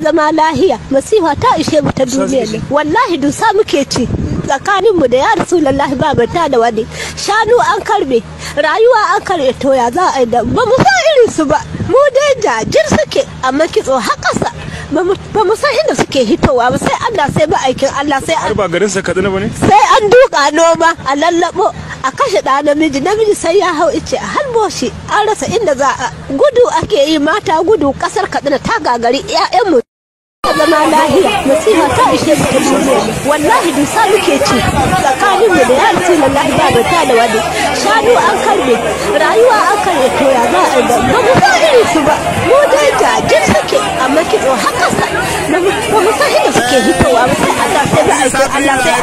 zama lahiya masifa ta ishe mu ta duniya ne wallahi dusa muke ci tsakanin mu da ya rasulullahi ba ta da wani shanu an karbe rayuwa an karbe to ya za a yi da ba mu san irin su ba mu dai jajir suke amma kitso sa ba mu san inda suke hitowa ba sai Allah sai ba aikin Allah sai an ba garin sa kaduna bane sai an duka noma a lallabo a kashe ɗa namiji namiji sai ya hau ice a halboshi an rasa inda za a gudu ake yi mata gudu ƙasar kaduna ta gagari 'ya'yanmu zama lahiya nasiha ta ishe mu ta wallahi dusa muke ci tsakanin mu da yan ce wallahi ba bata da wani shanu an karbe rayuwa an karbe to za a ga ba mu ba irin su ba mu dai jajin suke amma kitso haka sa Is this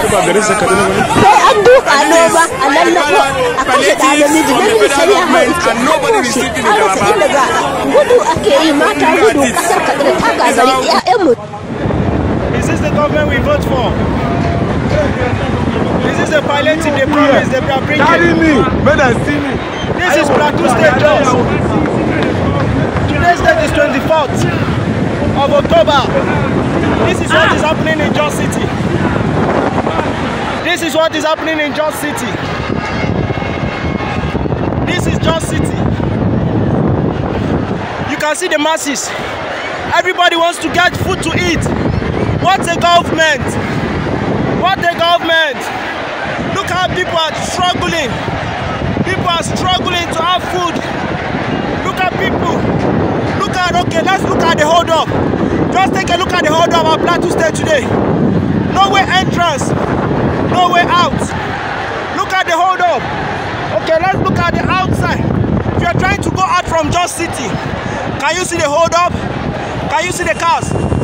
the government we vote for? Is this the palliative they promise we are bringing? Carry me, better see me. This is Plateau State Just. Today's date is 24th of October. This is what is happening in Jos City is what is happening in John City. This is John City. You can see the masses. Everybody wants to get food to eat. What a government! What a government! Look how people are struggling. People are struggling to have food. Look at people. Look at, okay, let's look at the hold up. Just take a look at the hold up at Plateau State today no way entrance no way out look at the hold up okay let's look at the outside if you're trying to go out from just city can you see the hold up can you see the cars